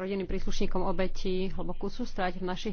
rodinným príslušníkom obetí hlbokú sústrať v našich